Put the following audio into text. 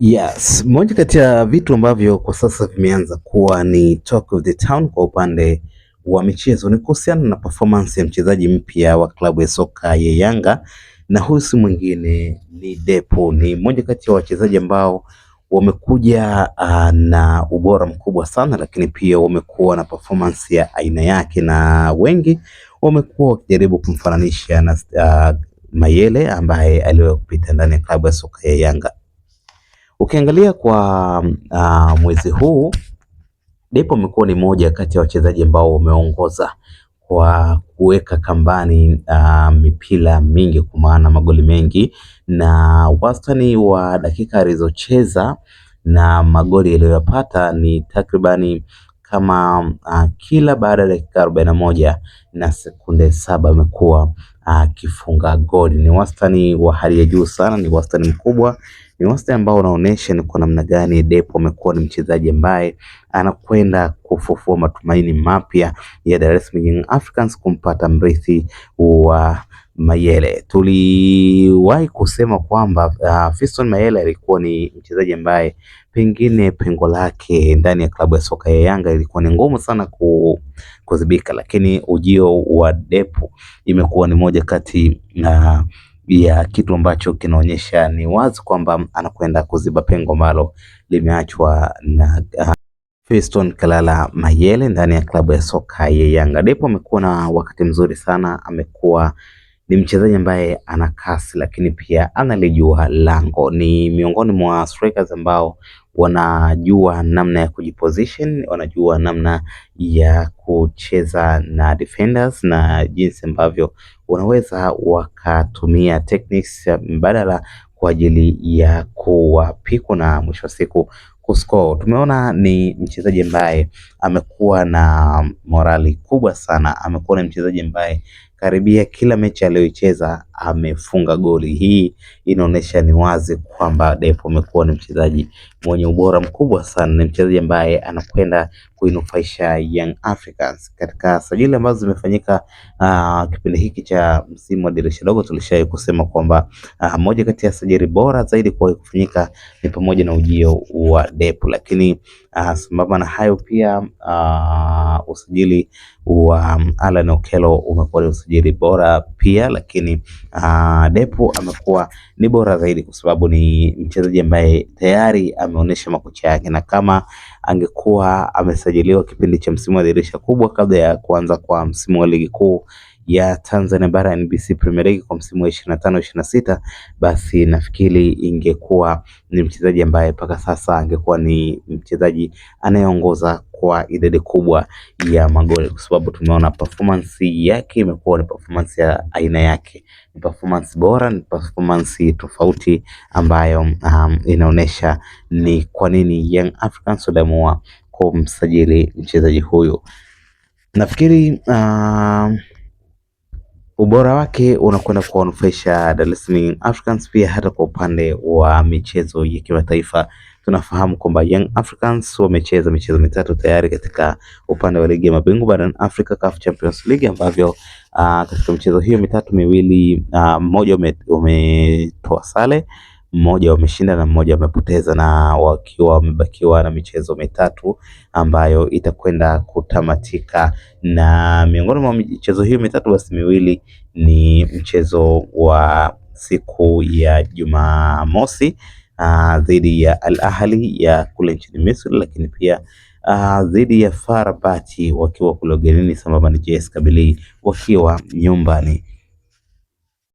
Yes, moja kati ya vitu ambavyo kwa sasa vimeanza kuwa ni talk of the town kwa upande wa michezo ni kuhusiana na performance ya mchezaji mpya wa klabu ya soka ya Yanga, na huyu si mwingine ni Depo. Ni mmoja kati ya wachezaji ambao wamekuja uh, na ubora mkubwa sana, lakini pia wamekuwa na performance ya aina yake, na wengi wamekuwa wakijaribu kumfananisha na uh, Mayele ambaye aliwahi kupita ndani ya klabu ya soka ya Yanga. Ukiangalia kwa uh, mwezi huu Depo amekuwa ni moja kati ya wachezaji ambao wameongoza kwa kuweka kambani uh, mipira mingi kwa maana magoli mengi, na wastani wa dakika alizocheza na magoli aliyoyapata ni takribani kama uh, kila baada ya dakika arobaini na moja na sekunde saba amekuwa akifunga uh, goli. Ni wastani wa hali ya juu sana, ni wastani mkubwa ni wasta ambao unaonyesha ni kwa namna gani Depo amekuwa ni mchezaji ambaye anakwenda kufufua matumaini mapya ya Dar es Salaam Young Africans kumpata mrithi wa Mayele. Tuliwahi kusema kwamba uh, Fiston Mayele alikuwa ni mchezaji ambaye pengine pengo lake ndani ya klabu ya soka ya Yanga ilikuwa ni ngumu sana ku, kuzibika, lakini ujio wa Depo imekuwa ni moja kati na uh, ya kitu ambacho kinaonyesha ni wazi kwamba anakwenda kuziba pengo ambalo limeachwa na uh, ah, Fiston Kalala Mayele ndani ya klabu ya soka ya Yanga. Depo amekuwa na wakati mzuri sana, amekuwa ni mchezaji ambaye ana kasi lakini pia analijua lango. Ni miongoni mwa strikers ambao wanajua namna ya kujiposition, wanajua namna ya kucheza na defenders na jinsi ambavyo wanaweza wakatumia techniques mbadala kwa ajili ya kuwapikwa na mwisho wa siku kuscore. Tumeona ni mchezaji ambaye amekuwa na morali kubwa sana, amekuwa ni mchezaji ambaye karibia kila mechi aliyoicheza amefunga goli. Hii inaonyesha ni wazi kwamba Depo amekuwa ni mchezaji mwenye ubora mkubwa sana, ni mchezaji ambaye anakwenda kuinufaisha Young Africans. Katika sajili ambazo zimefanyika uh, kipindi hiki cha msimu wa dirisha dogo, tulishai kusema kwamba uh, moja kati ya sajili bora zaidi kuwahi kufanyika ni pamoja na ujio wa Depo, lakini Uh, sambamba na hayo pia uh, usajili wa um, Alan Okello umekuwa ni usajili bora pia, lakini uh, Depo amekuwa ni bora zaidi kwa sababu ni mchezaji ambaye tayari ameonyesha makocha yake, na kama angekuwa amesajiliwa kipindi cha msimu wa dirisha kubwa kabla ya kuanza kwa msimu wa ligi kuu ya Tanzania Bara NBC Premier League kwa msimu wa 25 26, basi nafikiri ingekuwa ni mchezaji ambaye mpaka sasa angekuwa ni mchezaji anayeongoza kwa idadi kubwa ya magoli, kwa sababu tumeona performance yake imekuwa ni performance ya aina yake, ni performance bora, ni performance tofauti ambayo um, inaonyesha ni kwa nini Young Africans waliamua kumsajili mchezaji huyu nafikiri uh, ubora wake unakwenda kuwanufaisha Dar es Salaam Africans pia hata kwa upande wa michezo ya kimataifa. Tunafahamu kwamba Young Africans wamecheza michezo mitatu tayari katika upande wa ligi ya mabingwa barani Africa CAF Champions League, ambavyo uh, katika michezo hiyo mitatu miwili uh, ah, mmoja umetoa ume sale mmoja wameshinda na mmoja wamepoteza, na wakiwa wamebakiwa na michezo mitatu ambayo itakwenda kutamatika, na miongoni mwa michezo hiyo mitatu basi miwili ni mchezo wa siku ya Jumamosi ah, dhidi ya Al Ahli ya kule nchini Misri, lakini pia ah, dhidi uh, ya Farabati wakiwa kule ugenini, sambamba na JS Kabylie wakiwa nyumbani.